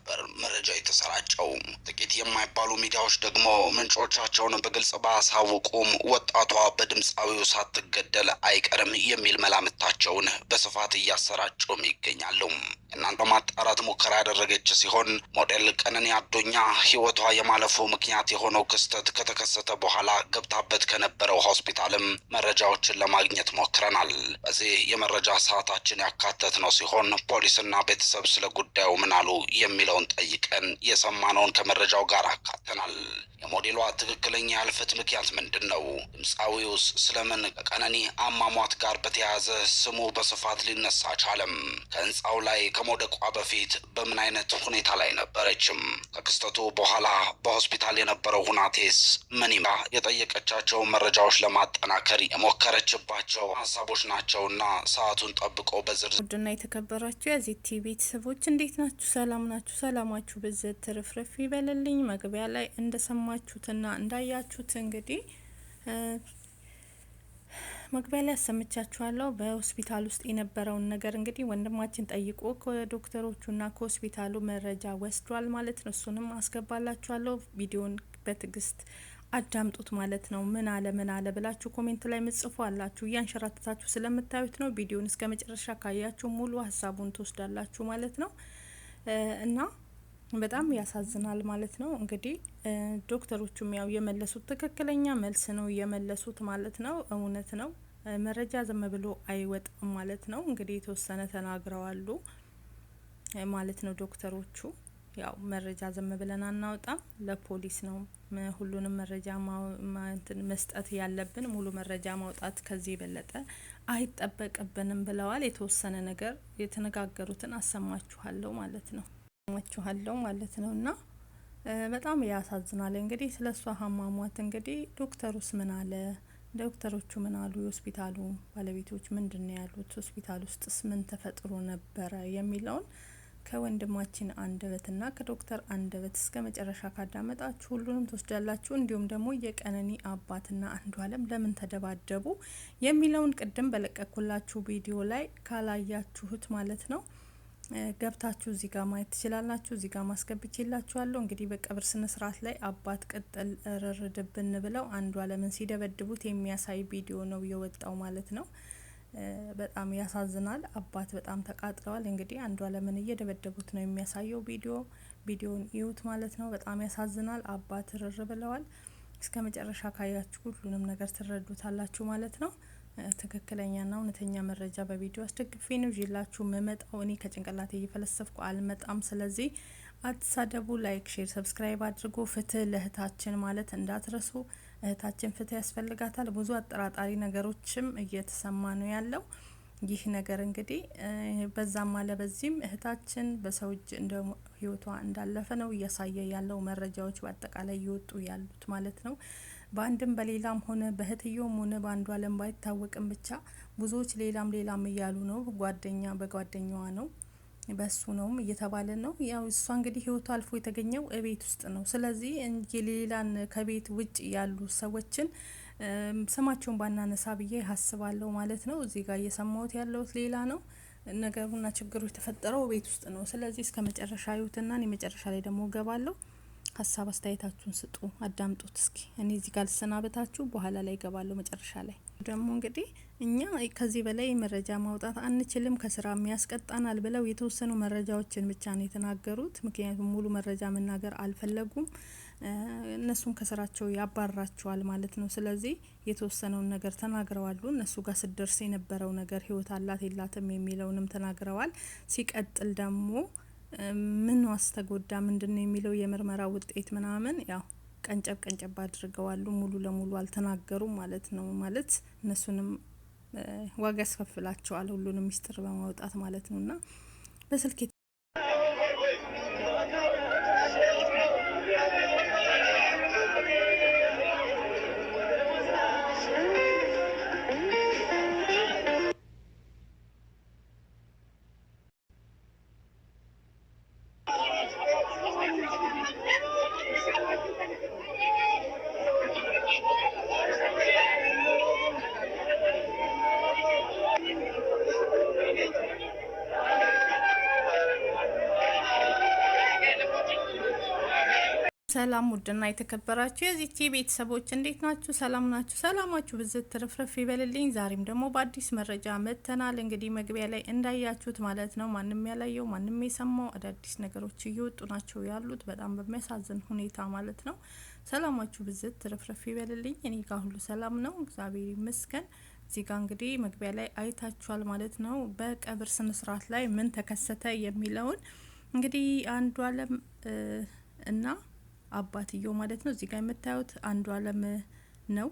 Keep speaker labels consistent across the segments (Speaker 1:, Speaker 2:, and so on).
Speaker 1: ነበር መረጃ የተሰራጨው። ጥቂት የማይባሉ ሚዲያዎች ደግሞ ምንጮቻቸውን በግልጽ ባያሳውቁም ወጣቷ በድምፃዊው ሳትገደል አይቀርም የሚል መላምታቸውን በስፋት እያሰራጩም ይገኛሉ። እናንተ ማጣራት ሙከራ ያደረገች ሲሆን ሞዴል ቀነኒ አዱኛ ሕይወቷ የማለፉ ምክንያት የሆነው ክስተት ከተከሰተ በኋላ ገብታበት ከነበረው ሆስፒታልም መረጃዎችን ለማግኘት ሞክረናል። በዚህ የመረጃ ሰዓታችን ያካተት ነው ሲሆን ፖሊስና ቤተሰብ ስለ ጉዳዩ ምን አሉ የሚለው የሚለውን ጠይቀን የሰማነውን ከመረጃው ጋር አካተናል። የሞዴሏ ትክክለኛ ያልፈት ምክንያት ምንድን ነው? ድምፃዊውስ ስለምን ከቀነኒ አሟሟት ጋር በተያያዘ ስሙ በስፋት ሊነሳ ቻለም? ከህንፃው ላይ ከመውደቋ በፊት በምን አይነት ሁኔታ ላይ ነበረችም? ከክስተቱ በኋላ በሆስፒታል የነበረው ሁናቴስ ምን ይማ የጠየቀቻቸው መረጃዎች ለማጠናከር የሞከረችባቸው ሀሳቦች ናቸውና ሰዓቱን ጠብቆ በዝርዝር
Speaker 2: ድና የተከበራችሁ የዚህ ቲቪ ቤተሰቦች እንዴት ናችሁ? ሰላም ናችሁ? ሰላማችሁ ብዝት ትርፍርፍ ይበልልኝ። መግቢያ ላይ እንደሰማችሁትና እንዳያችሁት እንግዲህ መግቢያ ላይ አሰምቻችኋለሁ። በሆስፒታል ውስጥ የነበረውን ነገር እንግዲህ ወንድማችን ጠይቆ ከዶክተሮቹና ከሆስፒታሉ መረጃ ወስዷል ማለት ነው። እሱንም አስገባላችኋለሁ። ቪዲዮን በትዕግስት አዳምጡት ማለት ነው። ምን አለ ምን አለ ብላችሁ ኮሜንት ላይ ምጽፎ አላችሁ እያንሸራተታችሁ ስለምታዩት ነው። ቪዲዮን እስከ መጨረሻ ካያችሁ ሙሉ ሀሳቡን ትወስዳላችሁ ማለት ነው። እና በጣም ያሳዝናል ማለት ነው። እንግዲህ ዶክተሮቹም ያው የመለሱት ትክክለኛ መልስ ነው የመለሱት ማለት ነው። እውነት ነው መረጃ ዝም ብሎ አይወጣም ማለት ነው። እንግዲህ የተወሰነ ተናግረዋሉ ማለት ነው ዶክተሮቹ ያው መረጃ ዘመ ብለን አናወጣም። ለፖሊስ ነው ሁሉንም መረጃ መስጠት ያለብን። ሙሉ መረጃ ማውጣት ከዚህ የበለጠ አይጠበቅብንም ብለዋል። የተወሰነ ነገር የተነጋገሩትን አሰማችኋለሁ ማለት ነው አሰማችኋለሁ ማለት ነው እና በጣም ያሳዝናል። እንግዲህ ስለ እሷ አሟሟት እንግዲህ ዶክተሩስ ምን አለ? ዶክተሮቹ ምን አሉ? የሆስፒታሉ ባለቤቶች ምንድን ነው ያሉት? ሆስፒታል ውስጥስ ምን ተፈጥሮ ነበረ የሚለውን ከወንድማችን አንደበትና ከዶክተር አንደበት እስከ መጨረሻ ካዳመጣችሁ ሁሉንም ትወስዳላችሁ። እንዲሁም ደግሞ የቀነኒ አባትና አለም ለምን ተደባደቡ የሚለውን ቅድም በለቀኩላችሁ ቪዲዮ ላይ ካላያችሁት ማለት ነው ገብታችሁ እዚህ ጋር ማየት ትችላላችሁ። እዚህ ጋር ማስገብቼላችኋለሁ። እንግዲህ በቀብር ስነ ስርዓት ላይ አባት ቅጥል ርርድብን ብለው አለምን ሲደበድቡት የሚያሳይ ቪዲዮ ነው የወጣው ማለት ነው። በጣም ያሳዝናል። አባት በጣም ተቃጥለዋል። እንግዲህ አንዷለምን እየደበደቡት ነው የሚያሳየው ቪዲዮ። ቪዲዮን ይዩት ማለት ነው። በጣም ያሳዝናል። አባት ርር ብለዋል። እስከ መጨረሻ ካያችሁ ሁሉንም ነገር ትረዱታላችሁ ማለት ነው። ትክክለኛና እውነተኛ መረጃ በቪዲዮ አስደግፌ ነው ይላችሁ መመጣው። እኔ ከጭንቅላቴ እየፈለሰፍኩ አልመጣም። ስለዚህ አትሳደቡ። ላይክ፣ ሼር፣ ሰብስክራይብ አድርጎ ፍትህ ለእህታችን ማለት እንዳትረሱ። እህታችን ፍትህ ያስፈልጋታል። ብዙ አጠራጣሪ ነገሮችም እየተሰማ ነው ያለው። ይህ ነገር እንግዲህ በዛም አለ በዚህም እህታችን በሰው እጅ እንደ ህይወቷ እንዳለፈ ነው እያሳየ ያለው መረጃዎች በአጠቃላይ እየወጡ ያሉት ማለት ነው። በአንድም በሌላም ሆነ በእህትዮም ሆነ በአንዱ አለም ባይታወቅም ብቻ ብዙዎች ሌላም ሌላም እያሉ ነው። ጓደኛ በጓደኛዋ ነው በሱ ነውም እየተባለን ነው። ያው እሷ እንግዲህ ህይወቷ አልፎ የተገኘው እቤት ውስጥ ነው። ስለዚህ የሌላን ከቤት ውጭ ያሉ ሰዎችን ስማቸውን ባናነሳ ብዬ አስባለሁ ማለት ነው። እዚህ ጋር እየሰማሁት ያለሁት ሌላ ነው። ነገሩና ችግሩ የተፈጠረው ቤት ውስጥ ነው። ስለዚህ እስከ መጨረሻ ይዩትና እኔ መጨረሻ ላይ ደግሞ እገባለሁ። ሀሳብ አስተያየታችሁን ስጡ፣ አዳምጡት እስኪ። እኔ እዚህ ጋር ልሰናበታችሁ፣ በኋላ ላይ እገባለሁ መጨረሻ ላይ ደግሞ እንግዲህ እኛ ከዚህ በላይ መረጃ ማውጣት አንችልም፣ ከስራ ያስቀጣናል ብለው የተወሰኑ መረጃዎችን ብቻ ነው የተናገሩት። ምክንያቱም ሙሉ መረጃ መናገር አልፈለጉም። እነሱን ከስራቸው ያባራቸዋል ማለት ነው። ስለዚህ የተወሰነውን ነገር ተናግረዋሉ። እነሱ ጋር ስደርስ የነበረው ነገር ህይወት አላት የላትም የሚለውንም ተናግረዋል። ሲቀጥል ደግሞ ምን አስተጎዳ ምንድን ነው የሚለው የምርመራ ውጤት ምናምን ያው ቀንጨብ ቀንጨብ አድርገዋሉ። ሙሉ ለሙሉ አልተናገሩም ማለት ነው። ማለት እነሱንም ዋጋ ያስከፍላቸዋል ሁሉንም ሚስጥር በማውጣት ማለት ነው እና በስልክ ሰላም ውድና የተከበራችሁ የዚቺ ቤተሰቦች እንዴት ናችሁ? ሰላም ናችሁ? ሰላማችሁ ብዝት ትርፍርፍ ይበልልኝ። ዛሬም ደግሞ በአዲስ መረጃ መጥተናል። እንግዲህ መግቢያ ላይ እንዳያችሁት ማለት ነው ማንም ያላየው ማንም የሰማው አዳዲስ ነገሮች እየወጡ ናቸው ያሉት በጣም በሚያሳዝን ሁኔታ ማለት ነው። ሰላማችሁ ብዝት ትርፍርፍ ይበልልኝ። እኔ ጋር ሁሉ ሰላም ነው፣ እግዚአብሔር ይመስገን። እዚህ ጋር እንግዲህ መግቢያ ላይ አይታችኋል ማለት ነው በቀብር ስነስርዓት ላይ ምን ተከሰተ የሚለውን እንግዲህ አንዱ አለም እና አባትየው ማለት ነው። እዚህ ጋር የምታዩት አንዱ አለም ነው።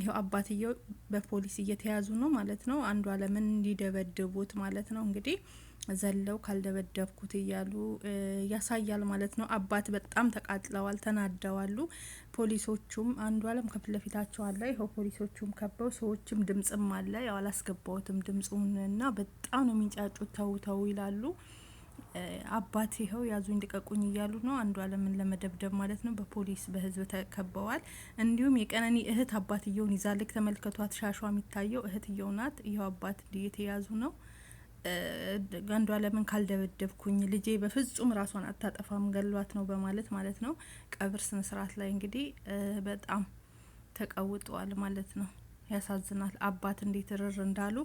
Speaker 2: ይኸው አባትየው በፖሊስ እየተያዙ ነው ማለት ነው። አንዱ አለምን እንዲደበድቡት ማለት ነው እንግዲህ ዘለው ካልደበደብኩት እያሉ ያሳያል ማለት ነው። አባት በጣም ተቃጥለዋል፣ ተናደዋሉ። ፖሊሶቹም አንዱ አለም ከፊት ለፊታቸው አለ። ይኸው ፖሊሶቹም ከበው ሰዎችም ድምጽም አለ። ያው አላስገባሁትም ድምጹን እና በጣም ነው የሚንጫጩት። ተው ተው ይላሉ። አባት ይኸው ያዙኝ ልቀቁኝ እያሉ ነው። አንዱ አለምን ለመደብደብ ማለት ነው። በፖሊስ በህዝብ ተከበዋል። እንዲሁም የቀነኒ እህት አባትየውን ይዛልክ ተመልከቷት። ሻሿ የሚታየው እህትየው ናት። ይኸው አባት የተያዙ ነው። አንዱ አለምን ካልደበደብኩኝ ልጄ በፍጹም ራሷን አታጠፋም ገሏት ነው በማለት ማለት ነው። ቀብር ስነስርዓት ላይ እንግዲህ በጣም ተቀውጠዋል ማለት ነው። ያሳዝናል። አባት እንዴት ርር እንዳሉ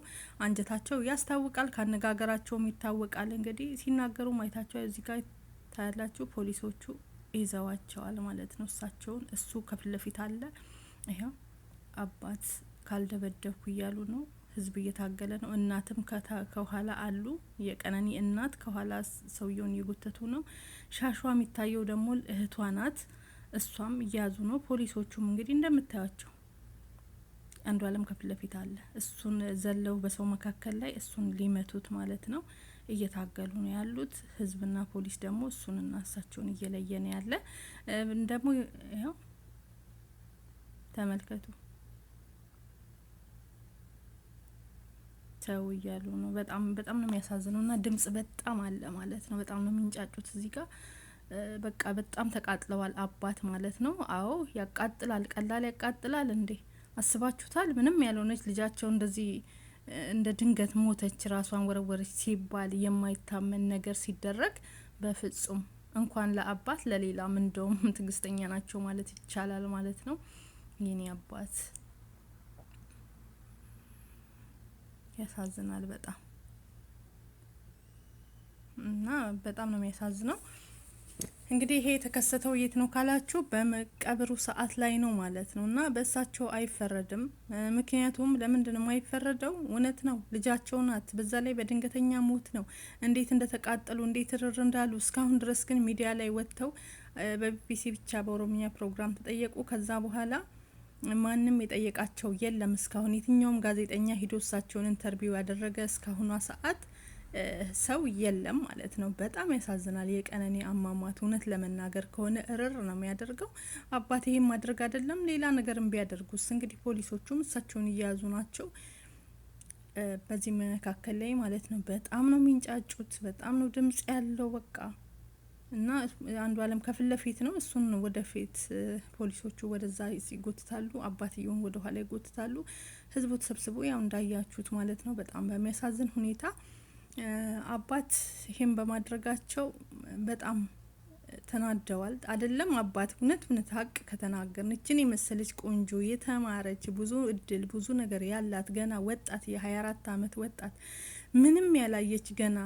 Speaker 2: አንጀታቸው ያስታውቃል፣ ከአነጋገራቸውም ይታወቃል። እንግዲህ ሲናገሩ ማየታቸው እዚህ ጋር ታያላችሁ። ፖሊሶቹ ይዘዋቸዋል ማለት ነው እሳቸውን። እሱ ከፊት ለፊት አለ። ይኸው አባት ካልደበደብኩ እያሉ ነው። ህዝብ እየታገለ ነው። እናትም ከኋላ አሉ። የቀነኒ እናት ከኋላ ሰውየውን እየጎተቱ ነው። ሻሿ የሚታየው ደግሞ እህቷ ናት። እሷም እያያዙ ነው። ፖሊሶቹም እንግዲህ እንደምታያቸው አንዱ አለም ከፊት ለፊት አለ። እሱን ዘለው በሰው መካከል ላይ እሱን ሊመቱት ማለት ነው እየታገሉ ነው ያሉት። ህዝብና ፖሊስ ደግሞ እሱንና እሳቸውን እየለየ ነው ያለ። ደግሞ ያው ተመልከቱ ሰው እያሉ ነው። በጣም በጣም ነው የሚያሳዝነው። እና ድምጽ በጣም አለ ማለት ነው። በጣም ነው የሚንጫጩት እዚህ ጋር በቃ በጣም ተቃጥለዋል። አባት ማለት ነው። አዎ ያቃጥላል። ቀላል ያቃጥላል እንዴ! አስባችሁታል? ምንም ያልሆነች ልጃቸው እንደዚህ እንደ ድንገት ሞተች፣ ራሷን ወረወረች ሲባል የማይታመን ነገር ሲደረግ በፍጹም እንኳን ለአባት ለሌላም እንደውም ትግስተኛ ናቸው ማለት ይቻላል ማለት ነው። የኔ አባት ያሳዝናል በጣም እና በጣም ነው የሚያሳዝነው። እንግዲህ ይሄ የተከሰተው የት ነው ካላችሁ በመቀብሩ ሰዓት ላይ ነው ማለት ነው። እና በእሳቸው አይፈረድም። ምክንያቱም ለምንድን ነው አይፈረደው? እውነት ነው ልጃቸው ናት። በዛ ላይ በድንገተኛ ሞት ነው። እንዴት እንደተቃጠሉ እንዴት ርር እንዳሉ እስካሁን ድረስ ግን ሚዲያ ላይ ወጥተው በቢቢሲ ብቻ በኦሮምኛ ፕሮግራም ተጠየቁ። ከዛ በኋላ ማንም የጠየቃቸው የለም። እስካሁን የትኛውም ጋዜጠኛ ሂዶ እሳቸውን ኢንተርቪው ያደረገ እስካሁኗ ሰዓት ሰው የለም ማለት ነው። በጣም ያሳዝናል። የቀነኒ አሟሟት እውነት ለመናገር ከሆነ እርር ነው የሚያደርገው። አባት ይሄም ማድረግ አይደለም ሌላ ነገርም ቢያደርጉስ እንግዲህ ፖሊሶቹም እሳቸውን እየያዙ ናቸው። በዚህ መካከል ላይ ማለት ነው በጣም ነው የሚንጫጩት። በጣም ነው ድምጽ ያለው በቃ እና አንዱ አለም ከፊት ለፊት ነው። እሱን ወደፊት ፖሊሶቹ ወደዛ ይጎትታሉ፣ አባትየውን ወደኋላ ይጎትታሉ። ህዝቡ ተሰብስቦ ያው እንዳያችሁት ማለት ነው በጣም በሚያሳዝን ሁኔታ አባት ይሄን በማድረጋቸው በጣም ተናደዋል። አይደለም አባት እውነት እውነት ሀቅ ከተናገርን እችን የመሰለች ቆንጆ የተማረች ብዙ እድል ብዙ ነገር ያላት ገና ወጣት የሀያ አራት አመት ወጣት ምንም ያላየች ገና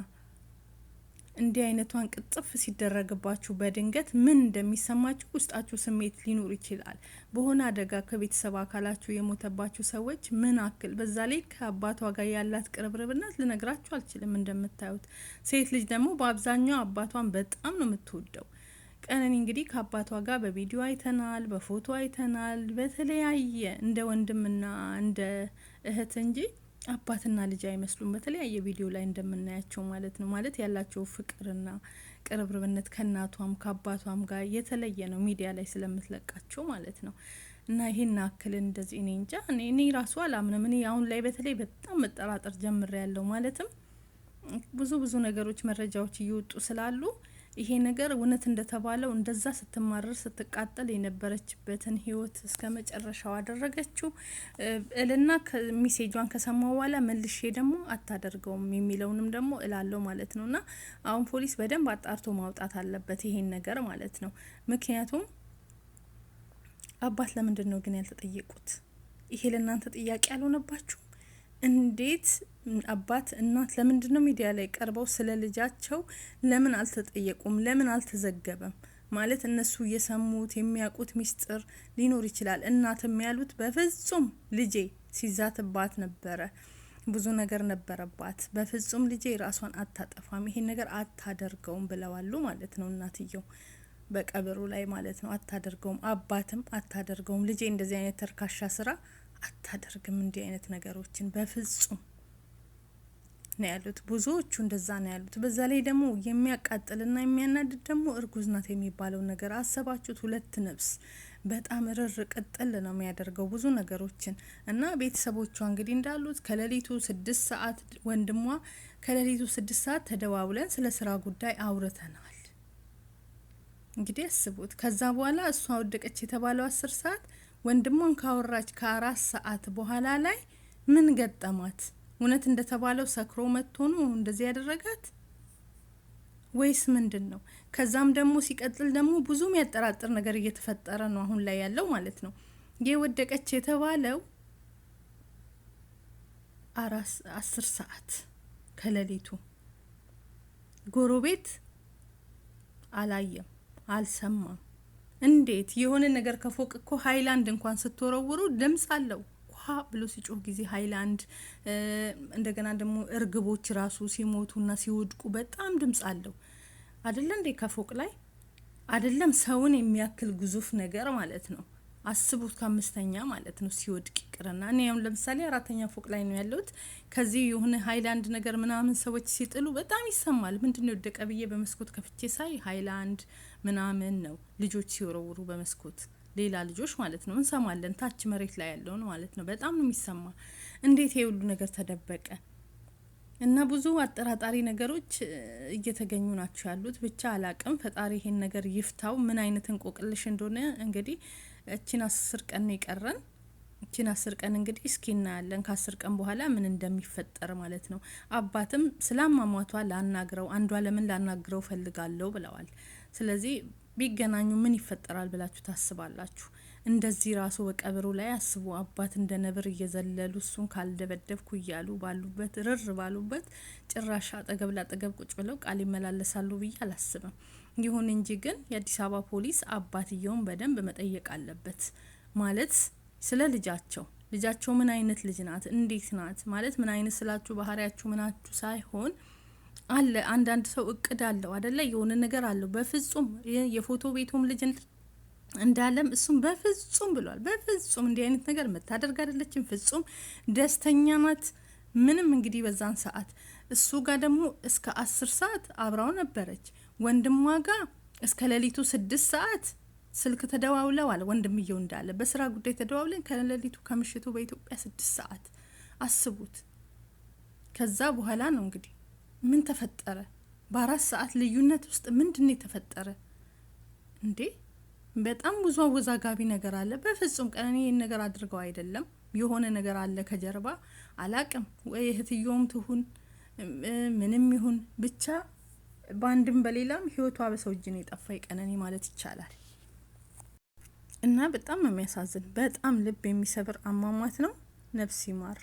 Speaker 2: እንዲህ አይነቷን ቅጥፍ ሲደረግባችሁ በድንገት ምን እንደሚሰማችሁ ውስጣችሁ ስሜት ሊኖር ይችላል። በሆነ አደጋ ከቤተሰብ አካላችሁ የሞተባችሁ ሰዎች ምን አክል በዛ ላይ ከአባቷ ጋር ያላት ቅርብርብነት ልነግራችሁ አልችልም። እንደምታዩት ሴት ልጅ ደግሞ በአብዛኛው አባቷን በጣም ነው የምትወደው። ቀነኒ እንግዲህ ከአባቷ ጋር በቪዲዮ አይተናል፣ በፎቶ አይተናል፣ በተለያየ እንደ ወንድምና እንደ እህት እንጂ አባትና ልጅ አይመስሉም። በተለያየ ቪዲዮ ላይ እንደምናያቸው ማለት ነው። ማለት ያላቸው ፍቅርና ቅርብርብነት ከእናቷም ከአባቷም ጋር የተለየ ነው፣ ሚዲያ ላይ ስለምትለቃቸው ማለት ነው። እና ይህን አክል እንደዚህ እኔ እንጃ እኔ ራሱ አላምንም። እኔ አሁን ላይ በተለይ በጣም መጠራጠር ጀምሬ ያለው ማለትም ብዙ ብዙ ነገሮች መረጃዎች እየወጡ ስላሉ ይሄ ነገር እውነት እንደተባለው እንደዛ ስትማረር ስትቃጠል የነበረችበትን ህይወት እስከ መጨረሻው አደረገችው እልና ሚሴጇን ከሰማ በኋላ መልሼ ደግሞ አታደርገውም የሚለውንም ደግሞ እላለው ማለት ነው። እና አሁን ፖሊስ በደንብ አጣርቶ ማውጣት አለበት ይሄን ነገር ማለት ነው። ምክንያቱም አባት ለምንድን ነው ግን ያልተጠየቁት? ይሄ ለእናንተ ጥያቄ ያልሆነባችሁ እንዴት አባት እናት ለምንድን ነው ሚዲያ ላይ ቀርበው ስለ ልጃቸው ለምን አልተጠየቁም? ለምን አልተዘገበም? ማለት እነሱ የሰሙት የሚያውቁት ሚስጥር ሊኖር ይችላል። እናትም ያሉት በፍጹም ልጄ ሲዛትባት ነበረ፣ ብዙ ነገር ነበረባት፣ በፍጹም ልጄ ራሷን አታጠፋም፣ ይሄን ነገር አታደርገውም ብለዋሉ ማለት ነው እናትየው በቀብሩ ላይ ማለት ነው። አታደርገውም፣ አባትም አታደርገውም፣ ልጄ እንደዚህ አይነት ተርካሻ ስራ አታደርግም እንዲህ አይነት ነገሮችን በፍጹም ነው ያሉት። ብዙዎቹ እንደዛ ነው ያሉት። በዛ ላይ ደግሞ የሚያቃጥልና የሚያናድድ ደግሞ እርጉዝ ናት የሚባለው ነገር አሰባችሁት። ሁለት ነፍስ በጣም ርር ቅጥል ነው የሚያደርገው ብዙ ነገሮችን እና ቤተሰቦቿ እንግዲህ እንዳሉት ከሌሊቱ ስድስት ሰዓት ወንድሟ ከሌሊቱ ስድስት ሰዓት ተደዋውለን ስለ ስራ ጉዳይ አውርተናል። እንግዲህ አስቡት። ከዛ በኋላ እሷ ወደቀች የተባለው አስር ሰዓት ወንድሟን ካወራች ከአራት ሰዓት በኋላ ላይ ምን ገጠማት? እውነት እንደተባለው ሰክሮ መጥቶ ነው እንደዚህ ያደረጋት ወይስ ምንድን ነው? ከዛም ደግሞ ሲቀጥል ደግሞ ብዙ የሚያጠራጥር ነገር እየተፈጠረ ነው አሁን ላይ ያለው ማለት ነው። የወደቀች የተባለው አራት አስር ሰዓት ከሌሊቱ ጎረቤት አላየም፣ አልሰማም። እንዴት የሆነ ነገር ከፎቅ እኮ ሀይላንድ እንኳን ስትወረውሩ ድምጽ አለው ኳ ብሎ ሲጮህ ጊዜ ሀይላንድ፣ እንደገና ደግሞ እርግቦች ራሱ ሲሞቱና ሲወድቁ በጣም ድምጽ አለው አደለ እንዴ? ከፎቅ ላይ አደለም ሰውን የሚያክል ግዙፍ ነገር ማለት ነው። አስቡት ከአምስተኛ ማለት ነው ሲወድቅ ይቅርና እኔ ያሁን ለምሳሌ አራተኛ ፎቅ ላይ ነው ያለሁት። ከዚህ የሆነ ሀይላንድ ነገር ምናምን ሰዎች ሲጥሉ በጣም ይሰማል። ምንድነው የወደቀ ብዬ በመስኮት ከፍቼ ሳይ ሀይላንድ ምናምን ነው ልጆች ሲወረውሩ በመስኮት ሌላ ልጆች ማለት ነው እንሰማለን። ታች መሬት ላይ ያለውን ማለት ነው በጣም ነው የሚሰማ። እንዴት የሁሉ ነገር ተደበቀ? እና ብዙ አጠራጣሪ ነገሮች እየተገኙ ናቸው ያሉት። ብቻ አላቅም። ፈጣሪ ይሄን ነገር ይፍታው። ምን አይነት እንቆቅልሽ እንደሆነ እንግዲህ እችን አስር ቀን የቀረን። እችን አስር ቀን እንግዲህ እስኪ እናያለን፣ ከአስር ቀን በኋላ ምን እንደሚፈጠር ማለት ነው። አባትም ስላማሟቷ ላናግረው፣ አንዷ ለምን ላናግረው ፈልጋለሁ ብለዋል። ስለዚህ ቢገናኙ ምን ይፈጠራል ብላችሁ ታስባላችሁ? እንደዚህ ራሱ በቀብሩ ላይ አስቡ። አባት እንደ ነብር እየዘለሉ እሱን ካልደበደብኩ እያሉ ባሉበት ርር ባሉበት ጭራሽ አጠገብ ላጠገብ ቁጭ ብለው ቃል ይመላለሳሉ ብዬ አላስብም። ይሁን እንጂ ግን የአዲስ አበባ ፖሊስ አባትየውን በደንብ መጠየቅ አለበት። ማለት ስለ ልጃቸው ልጃቸው ምን አይነት ልጅ ናት? እንዴት ናት? ማለት ምን አይነት ስላችሁ ባህሪያችሁ ምናችሁ ሳይሆን አለ አንዳንድ ሰው እቅድ አለው አደለ? የሆነ ነገር አለው። በፍጹም የፎቶ ቤቱም ልጅ እንዳለም እሱም በፍጹም ብሏል። በፍጹም እንዲህ አይነት ነገር የምታደርግ አይደለችም። ፍጹም ደስተኛ ናት። ምንም እንግዲህ በዛን ሰዓት እሱ ጋር ደግሞ እስከ አስር ሰዓት አብራው ነበረች። ወንድሟ ጋር እስከ ሌሊቱ ስድስት ሰዓት ስልክ ተደዋውለዋል። ወንድምየው እንዳለ በስራ ጉዳይ ተደዋውለን ከሌሊቱ ከምሽቱ በኢትዮጵያ ስድስት ሰዓት አስቡት። ከዛ በኋላ ነው እንግዲህ ምን ተፈጠረ? በአራት ሰዓት ልዩነት ውስጥ ምንድን ነው የተፈጠረ እንዴ? በጣም ብዙ አወዛጋቢ ነገር አለ። በፍጹም ቀነኒ ይህን ነገር አድርገው አይደለም። የሆነ ነገር አለ ከጀርባ አላቅም። ወይ እህትዮም ትሁን ምንም ይሁን ብቻ በአንድም በሌላም ህይወቷ በሰው እጅ ነው የጠፋ ቀነኒ ማለት ይቻላል። እና በጣም የሚያሳዝን በጣም ልብ የሚሰብር አሟሟት ነው። ነፍስ ይማር።